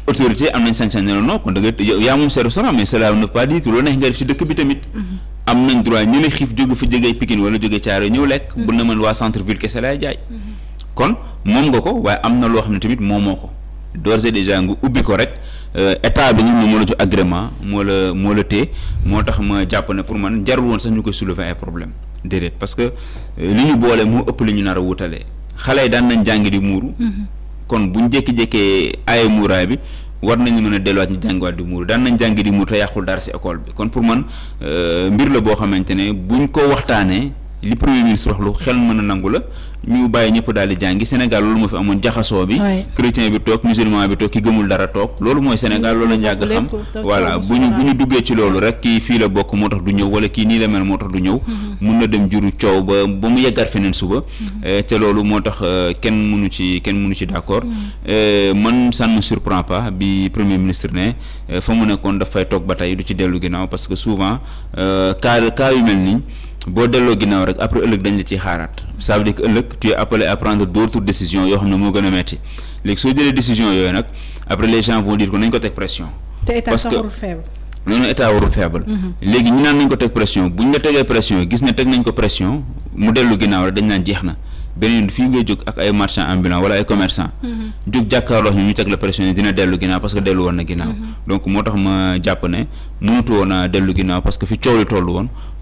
autorité am nañ sañ-sañ ne non kon da nga yaa moom sa restaurant mais cela ne veut pas dire que loolu bi tamit mm-hmm. am nañ droit ñu ne xiif jóge fi jógee pikin wala jóge Thiaroye ñëw lekk bu na mën waa centre ville kese laay jaay mm-hmm. kon moom nga ko waaye am na loo xam ne tamit moom moo ko d'ores et déjà nga ubbi ko rek euh, état bi ñu moom moo la jox agrément moo la moo la téye moo tax ma jàpp ne pour man jarul woon sax ñu koy soulever ay problème déedéet parce que euh, li ñu boole moo ëpp li ñu nar a wutale xale yi daan nañ jàngi di muuru. Mm-hmm. kon buñ jékki-jékkee aaye muuraay bi war nañu mën a delluwaat ñu jàngiwaat di muuru daan nañ jàngi di muuru te yàqul dara ci école bi kon pour man euh, mbir la boo xamante ne bu buñ ko waxtaanee. li premier ministre wax lu xel mën a nangu la ñu bàyyi ñëpp daal di jàngi Sénégal loolu moo fi amoon jaxasoo bi chrétien bi toog musulman bi toog ki gëmul dara toog loolu mooy Sénégal loolu la njàgg xam voilà bu ñu bu ñu duggee ci loolu rek kii fii la bokk moo tax du ñëw wala kii nii la mel moo tax du ñëw mhm. mun na dem juru coow ba ba mu yeggaat feneen suba mhm. eh, te loolu moo tax eh, kenn mënu ci kenn mënu ci d'accord mhm. eh, man ça ne me surprend pas bi premier ministre ne fa mu nekkoon dafay toog ba tey du ci dellu ginnaaw parce que souvent cas cas yu mel nii boo delloo ginnaaw rek après ëllëg dañ la ciy xaaraat ça dire que ëllëg tu es appelé à prendre décision yooyu nag après les gens vont dire que nañ ko teg pression. parce que noonu état warul faible. Mhm. léegi ñu nañ ko teg pression buñ la tegee pression gis ne teg nañ ko pression mu dellu ginnaaw rek dañ naan jeex na beneen fii ngay jóg ak ay marchands ambulants wala ay commerçants. Mhm. jóg jàkkaarloo ñu ñu teg la pression dina dellu ginnaaw na ginnaaw. Mhm. donc moo tax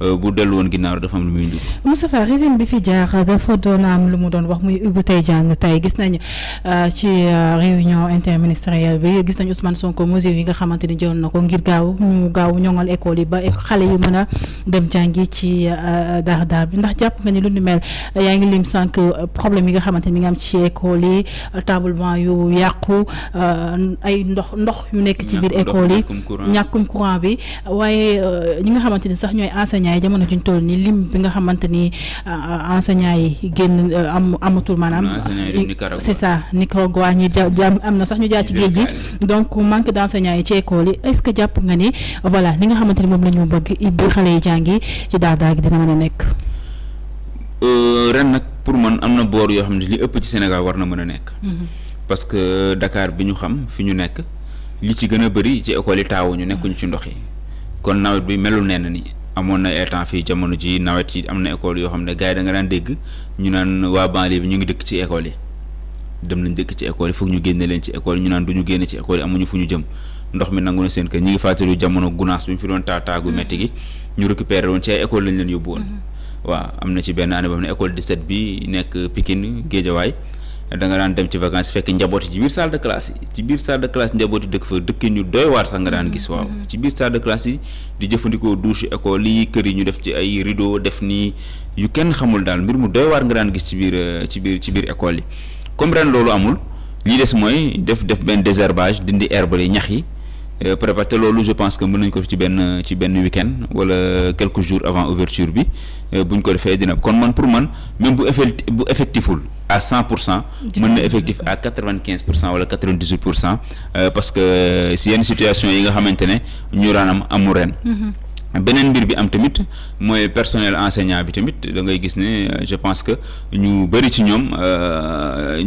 Euh, bu dellu woon ginnaaw dafa am lu muy ndu Moustapha régime bi fi jaar dafa doon am lu mu doon wax muy ubbi jàng tey gis nañ euh, ci euh, réunion interministérielle bi gis nañ Ousmane Sonko mesures yi nga xamante ni jëloon na ko ngir gaaw ñu gaaw ñoŋal école yi ba xale yi mën a dem jàngi ci daar daar bi ndax jàpp nga ni lu ni mel yaa ngi lim sànq problème yi nga xamante ni mi ngi am ci école yi tablement yu yàqu ay ndox ndox yu nekk ci biir école yi ñàkkum courant bi waaye ñi ni sax ñooy enseignants yi jamono juñ toll nii lim bi nga xamante ni euh, enseignants yi génn euh, am amatul maanaam. c'est ça Nicaragua ñi ja am na sax ñu jaar ci géej gi. donc manque d'enseignants yi ci école yi est-ce que jàpp nga ni voilà li nga xamante ni moom la ñu bëgg ibbi xale yi jàngi ci daara gi dina mën a nekk. Euh, ren nag pour man am na boor yoo xam ne li ëpp ci Sénégal war na mën a nekk. Mhm. parce que Dakar bi ñu xam fi ñu nekk li ci gën a ci école yi taawuñu nekkuñu ci ndox yi kon nawet amoon na ay fi jamono ji nawet yi am na école yoo xam ne gars yi da nga daan dégg ñu naan waa banlieue bi ñu ngi dëkk ci école yi dem nañ dëkk ci école yi ñu génne leen école ñu naan du ñu génne ci école yi amuñu fu ñu jëm ndox mi nangu na seen kër ñu ngi fàttali jamono gunaas bi mu fi doon taataagu métti mm-hmm. gi ñu récupéré woon ci ay école lañ leen yóbbu woon mm-hmm. waaw am na ci benn année boo xam ne di set bi nekk Pikine Géejawaay da nga daan dem ci vacances fekk njabooti ci biir salle de classe yi ci biir salle de classe njabooti dëkk fa dëkk ñu doy waar sax nga daan gis waaw mm-hmm. ci biir salle de classe yi di jëfandikoo douche école yi kër yi ñu def ci ay rideau def nii yu kenn xamul daal mbir mu doy waar nga daan gis ci biir euh, ci biir ci biir école yi comme ren loolu amul lii des mooy def def benn désherbage dindi herbe yi ñax yi euh, préparé te loolu je pense que mën nañ ko ci benn ci benn week-end wala quelques jours avant ouverture bi euh, buñ ko defee dina kon man pour man même bu effet bu effectiful à cent pour cent mën na effectif à quatre vingt quinze pour cent wala quatre vingt dix huit pour cent euh, parce que euh, si yenn situation yi nga xamante ne ñu daan amul ren mm-hmm. beneen mbir bi am tamit mooy personnel enseignant bi tamit da ngay gis ne euh, je pense que ñu bëri ci ñoom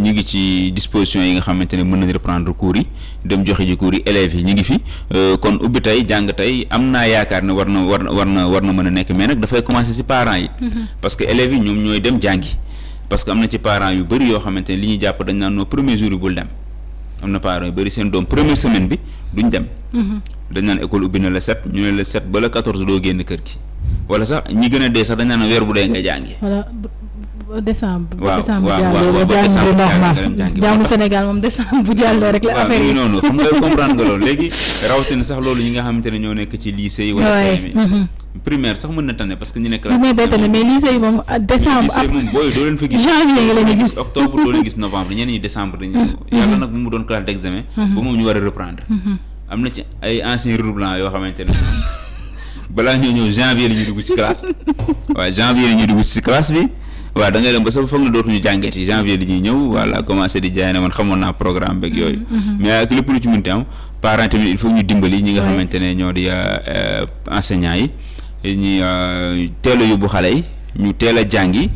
ñu ngi ci disposition yi nga xamante ne mën nañ reprendre cours yi dem joxe ji cours yi yi ñu ngi fi kon ubbi tey jàng tey am naa yaakaar ne war na war war na war na mën a nekk mais nag dafay commencer ci parents yi mm-hmm. parce que élèves yi ñoom ñooy dem jàngi parce que am na ci parents yu bëri yoo xamante ne li ñuy jàpp dañ naan noo premier jour yi bul dem am na parents yu bëri seen doom première semaine bi duñ dem. Mhm. dañ naan école ubbi na la set ñu ne la set ba quatorze doo génn kër gi wala sax ñi gën a dee sax dañ naan weer bu dee ngay jàngi. décembre. waaw waaw waaw décembre normal jaamu Sénégal moom décembre bu jàllee rek la affaire yi. noonu xam nga comprendre nga loolu léegi rawatina sax loolu ñi nga xamante ne ñoo nekk ci lycée yi. wala mm-hmm. primaire sax mën na tane parce que ñu nekk. primaire day tane mais lycée yi moom euh, décembre. lycée moom booy doo leen fa gis. janvier la ñu gis octobre doo leen gis novembre ñenn ñi décembre dañuy. Mm-hmm. yàlla nag bu mu doon classe d' examen. Mm-hmm. ba moom ñu war a reprendre. am na ci ay anciens redoublants yoo xamante ne balaa ñoo ñëw janvier la ñuy dugg ci classe waaw waaw da ngay dem ba sa foog na dootuñu jàngeeti janvier li ñuy ñëw voilà commencé di jaay ne man xamoon naa programme beeg yooyu. Mm-hmm, mm-hmm. mais ak lépp lu ci mënti am parents tamit il faut ñu dimbali ñi nga xamante ne ñoo di euh, euh, enseignants yi ñi euh, teel a yóbbu xale yi ñu teel a jàngi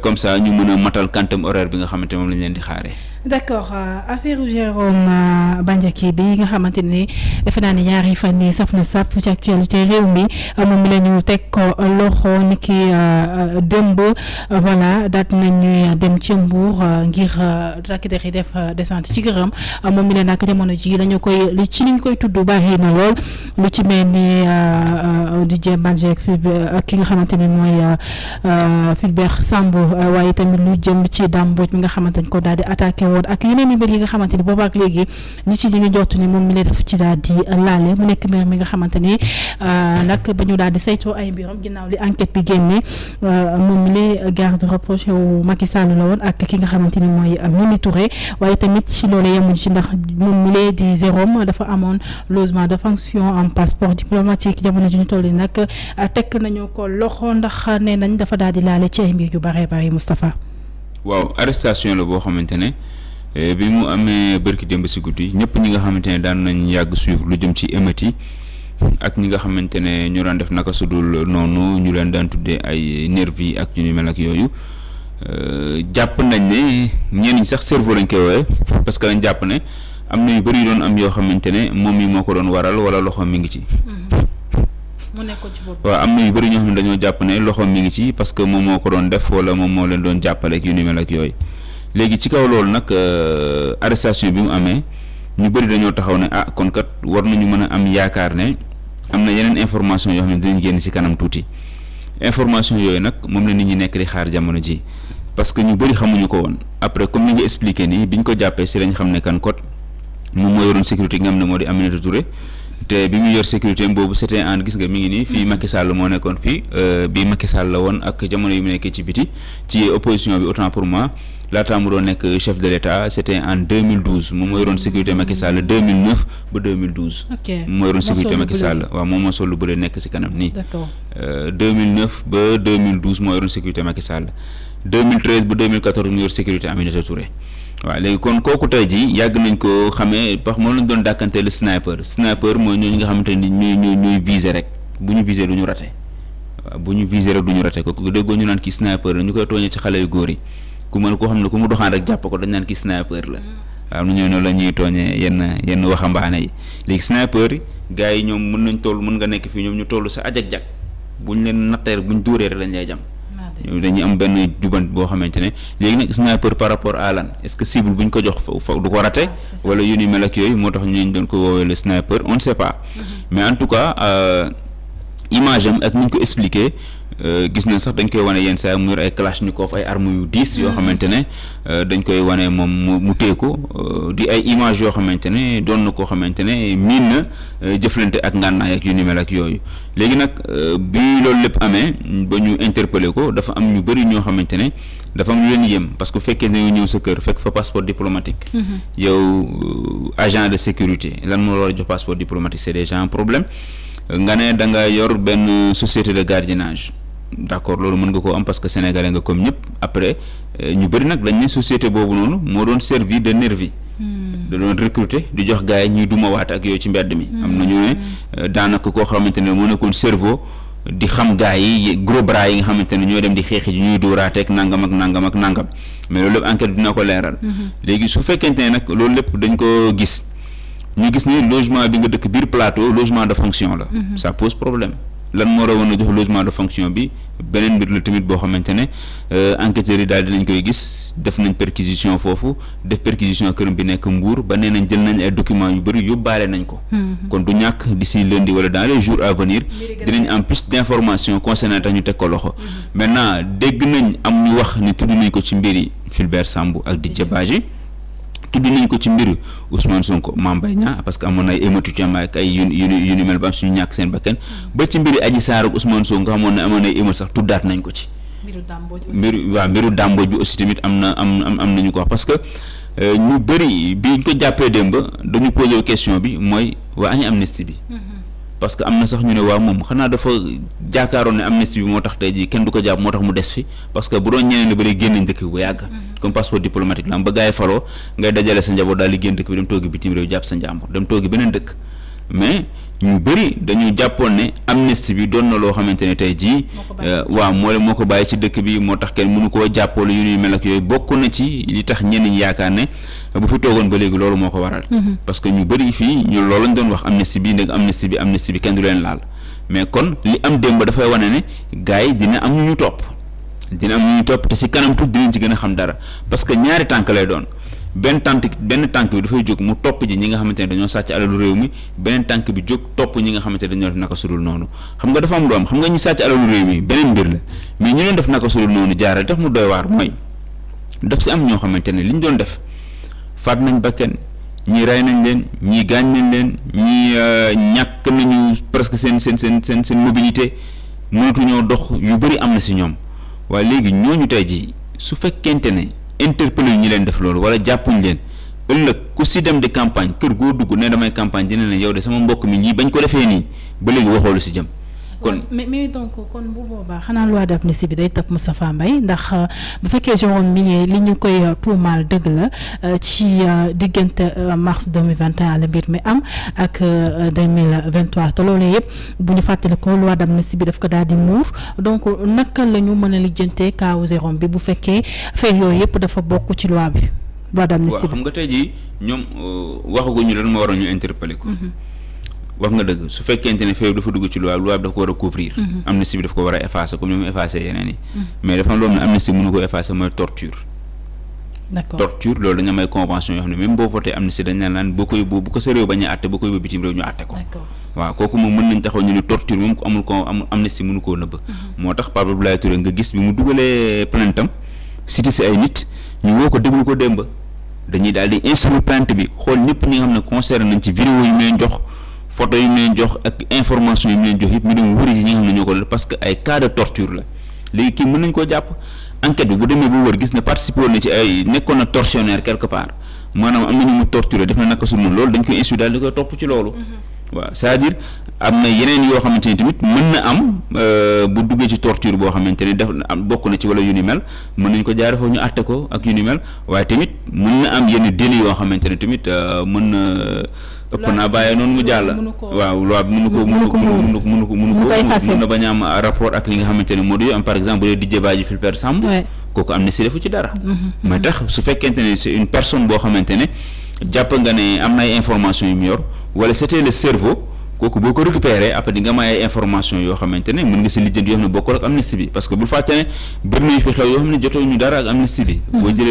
comme ça ñu mën a matal kantam horaire bi nga xamante moom lañ leen di xaaree. d' accord euh, affaire Jérôme euh, Bandiaky bi nga xamante ni defe naa ni ñaari fan yi saf na sàpp ci actualité réew mi euh, moom la ñu teg ko loxo ni ki démb voilà daat nañuy dem ci Mbour ngir takk der yi def descente ci gërëm moom mi leen la nag na ji dañu koy li ci liñ koy tudd bari na lool lu ci mel ni DJ Bandiaky ak ki nga xamante ni mooy Fulbert Sambou waaye tamit lu jëm ci Dame Mbodj nga xamante ni ko daal di attaqué woon ak yeneen i mbir yi nga xamante ni boobaak léegi ñi ci jot ni moom mi lay def ci daal laale mu nekk maire mi nga xamante euh, nag ba ñu daal di saytoo ay mbiram ginnaaw li enquête bi génne euh, moom mi lay garde rapproché wu Macky Sall la woon ak ki nga xamante ni mooy Mimi Touré waaye tamit ci loolu yemuñ ci ndax moom mi lay di zérom dafa amoon logement de fonction en passeport diplomatique jamono ji ñu toll yi nag euh, tekk nañu ko loxo ndax nee nañ dafa daal di laale ci ay mbir yu bare bare Moustapha waaw arrestation la boo xamante ne Eh, bi mu amee bërki démb si guddi ñëpp ñi nga xamante ne daan nañ yàgg suivre lu jëm ci émeutes yi ak ñi nga xamante ne ñu daan def naka sudul noonu ñu leen daan tuddee ay nervi ak ñu ni mel ak yooyu eh, jàpp nañ ni ñenn ñi sax cerveau lañ koy woowe parce que jàpp ne am na yu bëri yu doon am yoo xamante ne moom mi moo ko doon waral wala loxo mi ngi ci. Mm-hmm. mu nekkoon am na yu bëri ñoo xam dañoo jàpp ne loxo mi ngi ci parce que moom moo ko doon def wala moom moo leen doon jàppale ak yu ni mel ak léegi ci kaw loolu nag euh, arrestation bi mu amee ñu bëri dañoo taxaw ne ah kon kat war nañu mën a am yaakaar ne am na yeneen information yoo ne dinañ génn ci kanam tuuti information yooyu nag moom la nit ñi nekk di xaar jamono ji parce que ñu bëri xamuñu ko woon après comme ni nga expliqué nii biñ ko jàppee ci lañ xam ne kan kot moom moo yoroon sécurité gi nga ne moo di Aminata Touré te bi mu yor sécurité boobu c'était en gis nga mi ngi nii fii Macky Sall moo nekkoon fi euh, bi Macky Sall la woon ak jamono yu mu nekkee ci biti ci opposition bi autant pour moi laataa mu doon nekk chef de l'État c'était en 2012 moom moo yoroon sécurité Macky Sall 2009 ba 2012. ok moo yoroon sécurité Macky Sall waaw moom moo sol lu bëre nekk ci kanam nii. d'accord 2009 euh, ba 2012 moo yoroon sécurité Macky Sall 2013 ba 2014 mu yor sécurité Aminata Touré. waaw léegi kon kooku tey jii yàgg nañ ko xamee pax moom lañ doon dàkkante le sniper sniper mooy ñooñu nga xamante ni ñuy ñuy ñuy viser rek bu ñu viser du ñu rate waaw bu ñu viser rek du ñu rate ko déggoo ñu naan kii sniper la ñu koy tooñee xale yu góor yi. ku mel koo xam ne ku mu doxaan rek jàpp ko dañ naan ki sniper la waaw ñoo noonu la tooñee yenn yenn waxambaane yi léegi sniper yi gars yi ñoom mën nañ toll mën nga nekk fii ñoom ñu toll sa ajak-jak buñ leen natteer buñ dóoree rek lañ lay jam dañuy am benn jubant boo xamante ne léegi nag sniper par rapport à lan est-ce que cible bu ñu ko jox fa du ko rate wala yu ni mel ak yooyu moo tax ñu leen doon ko woowee le sniper on ne sait pas mm-hmm. mais en tout cas euh, image ak ni ñu ko expliquer Euh, gis nañ sax dañ koy wane yenn saa mu yor ay kalachnikov ay armes yu diis yoo mm. xamante ne euh, dañ koy wane moom mu mu téye ko euh, di ay image yoo xamante ne doon na koo xamante ne miin na jëflante ak ngànnaay ak yu ni mel ak yooyu léegi nag bi loolu lépp amee ba ñu interpellé ko dafa am ñu bëri ñoo xamante ne dafa am leen yëm parce que fekkee ne ñëw sa kër fekk fa passeport diplomatique. Mm-hmm. yow agent de sécurité lan moo war a jox passeport diplomatique c'est déjà un problème nga ne da yor benn société de gardiennage. d'accord loolu mën nga koo am parce que sénégalais nga comme ñëpp après euh, ñu bëri nag dañ ne société boobu noonu moo doon servir de nervi hmm. da doon recruter di jox gars yi ñuy dumawaat ak yooyu ci mbedd mi. am na ñu ne hmm. euh, daanaka koo xamante ne moo nekkoon cerveau di xam gars yi gros bras yi nga xamante ne ñoo dem di xeexi ji ñuy dóoraateeg nangam ak nangam ak nangam mais loolu lépp enquête dina ko leeral. Hmm. léegi su fekkente ne nag loolu lépp dañ ko gis ñu gis ne logement bi nga dëkk biir plateau logement de fonction la. ça pose problème. lan moo rawoon a jox logement de fonction bi beneen mbir la tamit boo xamante ne euh, enquêteurs yi daal nañ koy gis def nañ perquisition foofu def perquisition këram bi nekk Mbour ba nee nañ jël nañ ay documents yu bëri yóbbaale nañ ko. Mm-hmm. kon du ñàkk d'ici lundi wala dans les jours à venir. dinañ am plus d'informations concernant tax ñu teg ko loxo. Mm-hmm. maintenant dégg nañ am ñu wax ne tudd nañ ko ci mbiri Fulbert Sambou ak Didier Badji. tudd nañ ko ci mbiru Ousmane Sonko Mame Mbaye Niang parce que amoon na ay émeutes ci am ay yu yu mel ba am suñu ñàkk seen bakkan ba ci mbiru Adji Sarr ak Ousmane Sonko amoon na amoon na ay émeutes sax tuddaat nañ ko ci. mbiru dàmbooj mbiru waaw mbiru dàmbooj bi aussi tamit am na am am am nañu ko parce que euh, ñu bëri biñ ko jàppee démb dañu posé question bi mooy waa añu amnistie bi. Mm-hmm. parce que am na sax ñu ne waaw moom xanaa dafa jaakaaroon ne amnistie bi moo tax tey jii kenn du ko jàpp moo tax mu des fi parce que bu doon ñeneen ni ba léegi génn nañ dëkk bi bu yàgg mm-hmm. comme passeport diplomatique la am ba gars yi faloo ngay dajale sa njaboot daal di génn dëkk bi dem toogi bitim réew jàpp sa njàmbur dem toogi beneen dëkk mais ñu bëri dañu jàppoon ne amnistie bi doon na loo xamante ne tey jii euh, waaw moo leen moo ko bàyyi ci dëkk bi moo tax kenn mënu koo jàppoolu yu ñuy mel ak yooyu bokk na ci li tax ñenn ñi yaakaar ne bu fi toogoon ba léegi loolu moo ko waral mm-hmm. parce que ñu bëri fii ñun loolu lañ doon wax amnistie bi ndeg amnistie bi amnistie bi kenn du leen kon li am démb dafay wane ne gars yi dina am ñu ñu topp dina am ñu ñu topp te si kanam tuuti dinañ ci gën a xam dara parce que ñaari tànk lay doon benn tànk benn tànk bi dafay jóg mu topp ji ñi nga xamante ne dañoo sàcc alalu réew mi beneen tànk bi jóg topp ñi nga xamante ne dañoo def naka sudul noonu xam nga dafa am lu am xam nga ñu sàcc alalu réew mi beneen mbir la mais ñu leen def naka sudul noonu jaarale tax mu doy waar mooy daf si am ñoo xamante ne li ñu doon def faat nañ bakkan ñii rey nañ leen ñi gaañ nañ leen ñii euh, ñàkk nañu presque seen seen seen seen seen mobilité mënatuñoo dox yu bëri am na si ñoom waaye léegi ñooñu tey ji su fekkente ne interpellé ñu leen def loolu wala jàppuñ leen ëllëg ku si dem di campagne kër goo dugg ne damay campagne dina yow de sama mbokk mi ñii bañ ko defee nii ba léegi waxoolu si jëm kon mais mais donc kon bu boobaa xanaa loi d'amnistie bi day topp Moustapha Mbaye ndax euh, bu fekkee Jérôme Minier li ñu koy euh, tuumaal dëgg la euh, ci diggante mars 2021 la mbir mi am ak 2023 te loolu yëpp bu ñu fàttali ko loi d'amnistie bi daf ko daal di muur donc naka la ñu mën a lijjantee kaawu Jérôme bi bu fekkee fay yooyu yëpp dafa bokk ci loi bi loi d'amnistie bi xam nga tey jii ñoom waxaguñu lan moo waroon ñu interpeller ko mm-hmm. wax nga dëgg su fekkente ne feew dafa dugg ci loi loi bi ko war a couvrir mhm. amnistie bi dafa ko war a effacer comme ni mu effacer yeneen yi mhm. mais dafa am loo xam ko effacer mooy torture d'accord torture loolu dañu may convention yoo xam ne même ko sa a àtte boo koy bu bitim réew ñu àtte ko waaw moom mën nañ taxaw ñu ne ko amul ko am mhm. mu dugalee plainte am si ay nit ñu woo ko déglu ko démb dañuy daal di instruire plainte bi xool ñëpp ñi nga xam ne concerné nañ ci photo yi mu leen jox ak information yi mu leen jox yëpp ñu dem wëri yi ñi xam ne ñoo ko parce que ay cas de torture la léegi kii mën nañ koo jàpp enquête bi bu demee bu wër gis na participer woon na ci ay nekkoon na tortionnaire quelque part maanaam am na mu torturé def na naka su noonu loolu dañ koy insu daal di koy topp ci loolu mm-hmm. waaw cest à yoo xamante ni tamit mën na am euh, bu duggee ci torture boo xamante ni def am bokk na ci wala yu ni mel mën nañ ko jaare foofu ñu àtte ko ak yu ni mel waaye tamit mën na am yenn délits yoo xamante ne tamit euh, mën na ëpp naa bàyyi noonu mu jàll waaw loi bi ko mënu ko mënu ko mënu ko mënu ko mën na bañ a am rapport ak li nga xamante ne moo di am par exemple bu dee Didier Badji Fulbert Sambou kooku am na si defu ci dara mais mm-hmm. mm-hmm. tax su fekkente ne c'est une personne boo xamante ne jàpp nga ne am na information yu mu yor wala c'était le cerveau kooku boo ko récupéré après di may ay information yoo xamante ne mën nga si lijjanti yoo xam ne bokkul ak amnistie bi parce que bul fàtte ne bëri nañu fi xew yoo xam ne jotewuñu dara ak amnistie hmm. ak Didier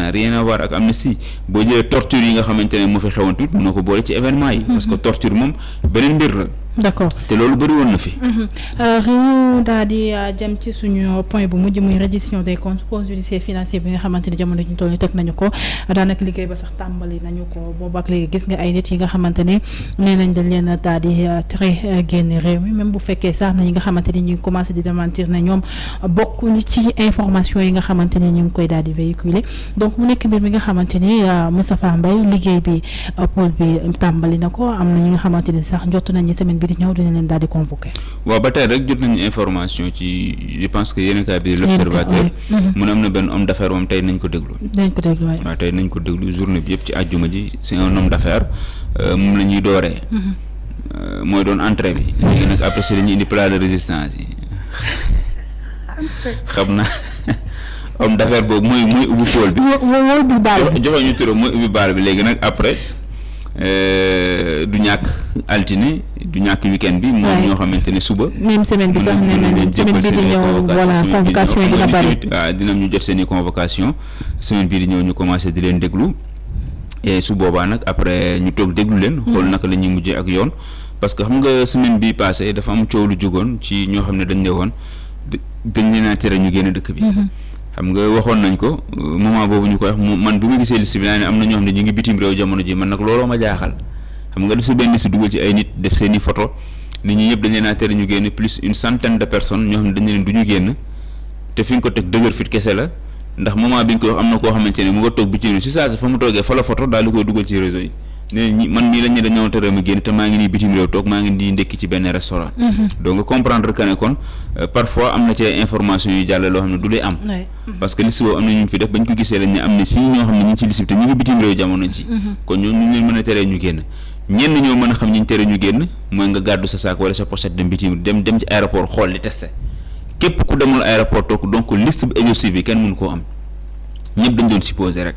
n'a rien boo jëlee torture yi nga xamante ne moo fi xewoon tuuti mënoo ko boole ci événement yi hmm. parce que torture moom beneen mbir la d'accord te loolu bëri woon na fi. Mhm. Euh, réew daal di euh, jëm ci suñu point bu mujj muy reddition des comptes compte judiciaire bi nga xamante jamono ji ñu nañu ko daal di euh, tere génn réew mi même bu fekkee sax na nga xamante ñu ngi yi nga xamante ni ñu ngi koy daal di véhiculer donc mu nekk mbir mi nga xamante ni Moustapha liggéey bi pôle bi tàmbali na ko am na ñi nga xamante sax njott nañu semaine bi di ñëw dina leen daal di convoquer. waaw ba tey rek jot nañu information ci je pense que yéen kaay bi l'observateur mun am na benn homme d'affaires na homme d'affaires boobu mooy mooy ubbi fool bi. wo wo joxe ñu turam mooy ubbi baal bi léegi nag après. Euh, du ñàkk altine du ñàkk weekend bi. moom ñoo xamante ne suba. même semaine bi sax nee nañ semaine bii di convocation dina ah, ñu jot seen i convocation semaine bii di ñëw ñu commencé di leen déglu et su boobaa nag après ñu toog déglu leen. Mm. xool naka la ñuy mujjee ak yoon. parce que xam nga semaine bii passé dafa am coow lu jógoon ci ñoo xam ne dañ ne woon dañ leen a tere ñu génn dëkk bi. Mm-hmm. xam nga waxoon nañ ko moment boobu ñu ko wax mu man bu ma gisee liste bi am na ñoo xam ne ñu ngi bitim réew jamono ji man nag looloo ma jaaxal xam nga def sa benn liste dugal ci ay nit def seen i photo nit ñi ñëpp dañ leen naa tere ñu génn plus une centaine de personnes ñoo xam ne dañ leen du ñu génn te fi ñu ko teg dëgër fit kese la ndax moment bi ñu ko wax am na koo xamante ne mu nga toog bitim réew si saa si fa mu toogee fa la photo yi ne man nii lañ ne dañoo tere ma génn te maa ngi nii bitim réew toog maa ngi nii ndekki ci benn restaurant. Mhm. donc nga comprendre que ne kon euh, parfois am na ci information yu jàll loo xam ne du lay am. Mhm. parce que liste boobu am na ñu fi def bañ ko gisee lañ ne am na fii ñoo xam ne ñu ngi ci liste bi te ñu ngi bitim réew jamono ji. Mhm. kon ñoom ñu leen mën a teree ñu génn. ñenn ñoo mën a xam ñi ñu tere ñu génn mooy nga gàddu sa saak wala sa pochette dem bitim dem dem ci aéroport xool di testé képp ku demul aéroport toog donc liste bi exhaustive bi kenn mënu koo am ñëpp dañ doon supposé rek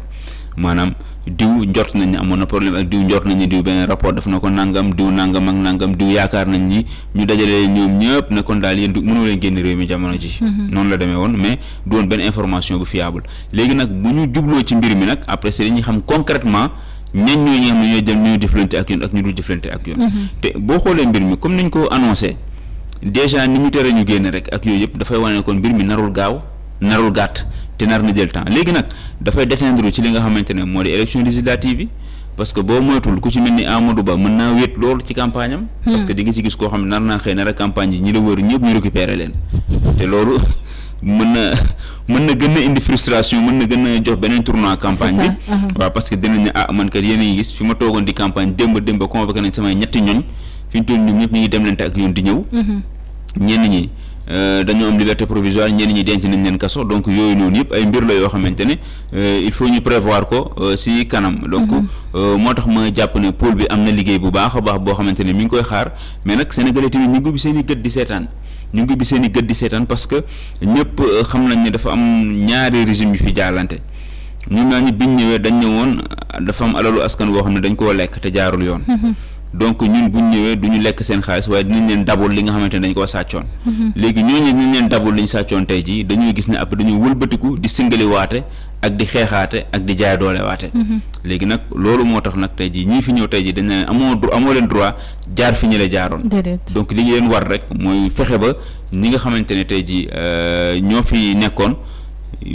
maanaam diw njort nañ amoon na problème ak diw njort nañ ne diw benn rapport def na ko nangam diw nangam ak nangam diw yaakaar nañ ni ñu dajale ñoom ñëpp ne kon daal yéen du mënoo génn réew mi jamono ji mhm. noonu la demee woon mais du woon benn information bu fiable léegi nag bu ñu jubloo ci mbir mi nag après c'est dañuy xam concrètement ñan ñooy ñi nga xam ne ñooy jël ñooy jëflante ak yoon ak ñu dul jëflante ak yoon mhm. te boo xoolee mbir mi comme nañ ko annoncé déjà ni ñu tere ñu génn rek ak yooyu yëpp dafay wane kon mbir mi narul gaaw narul gàtt te nar na jël temps léegi nag dafay déteindre ci li nga xamante ne moo di élection législative yi parce que boo moytul ku ci mel ni Amadou Ba mën naa wéet loolu ci campagne am. Hmm. que di nga ci gis koo xam ne nar naa xëy nar a campagne yi ñi la wër ñëpp ñu récupérer leen na mën na gën a indi frustration mën na gën a jox beneen tournant campagne bi. Uh-huh. waaw parce que dinañ ah man kat yéen a ngi gis fi ma toogoon di campagne démb démb convoqué nañ samay ñetti ñoñ fi ñu toll ñoom ñëpp ñu ngi dem leen ak yoon di ñëw. Mm-hmm. ñenn ñi. Euh, dañoo am liberté provisoire ñenn ñi denc nañ leen kaso donc yooyu noonu yëpp ay mbir la yoo xamante ne euh, il faut ñu prévoir ko euh, si kanam. donc mhm. moo tax ma jàpp ne pôle bi am na liggéey bu baax a baax boo xamante ne mi ngi koy xaar mais nag sénégalais tamit ñu ngi ubbi seen i gët di seetaan. ñu ngi bi seen i gët di seetaan parce que ñëpp xam nañ ne dafa am ñaari régime yu fi jaalante ñun naa ñi biñ ñëwee dañ ne woon dafa am alalu askan woo xam ne dañ koo lekk te jaarul yoon mhm. donc ñun bu ñu ñëwee du ñu lekk seen xaalis waaye dinañ leen dabul li nga xamante ne dañ ko sàccoon. Mhm. léegi ñooñu dinañ leen dabul li ñu sàccoon tey jii dañuy gis ne après dañuy wëlbatiku di singali waate ak di xeexaate ak di jaay doole waate. Mhm. léegi nag loolu moo tax nag tey jii ñii fi ñëw tey jii dañ ne amoo amoo leen droit jaar fi ñu la jaaroon. donc li ñu leen war rek mooy fexe ba ñi nga xamante ne tey jii euh, ñoo fi nekkoon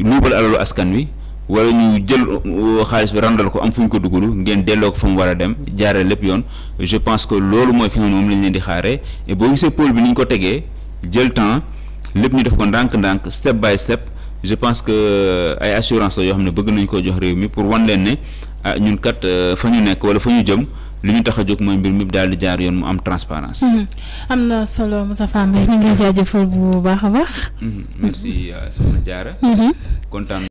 luubal alalu askan wi. wala ñu jël euh, xaalis bi randal ko am fu ñu ko duggulu ngeen delloo ko fa mu war a dem jaaree lépp yoon je pense que loolu mooy fi nga moom lañ leen di xaaree boo gisee pôle bi ni ñu ko tegee jël temps lépp ñu def ko ndànk-ndànk step by step je pense que euh, ay assurance la yoo xam ne bëgg nañ koo jox réew mi pour wan leen ne ah ñun kat euh, fa ñu nekk wala fa ñu jëm. li ñu tax a jóg mooy mbir mi daal di jaar yoon mu am transparence mm-hmm. am na solo Moustapha Mbaye ñu ngi lay jaajëfal bu baax a baax mm-hmm. merci soxna Diarra mm-hmm. kontaan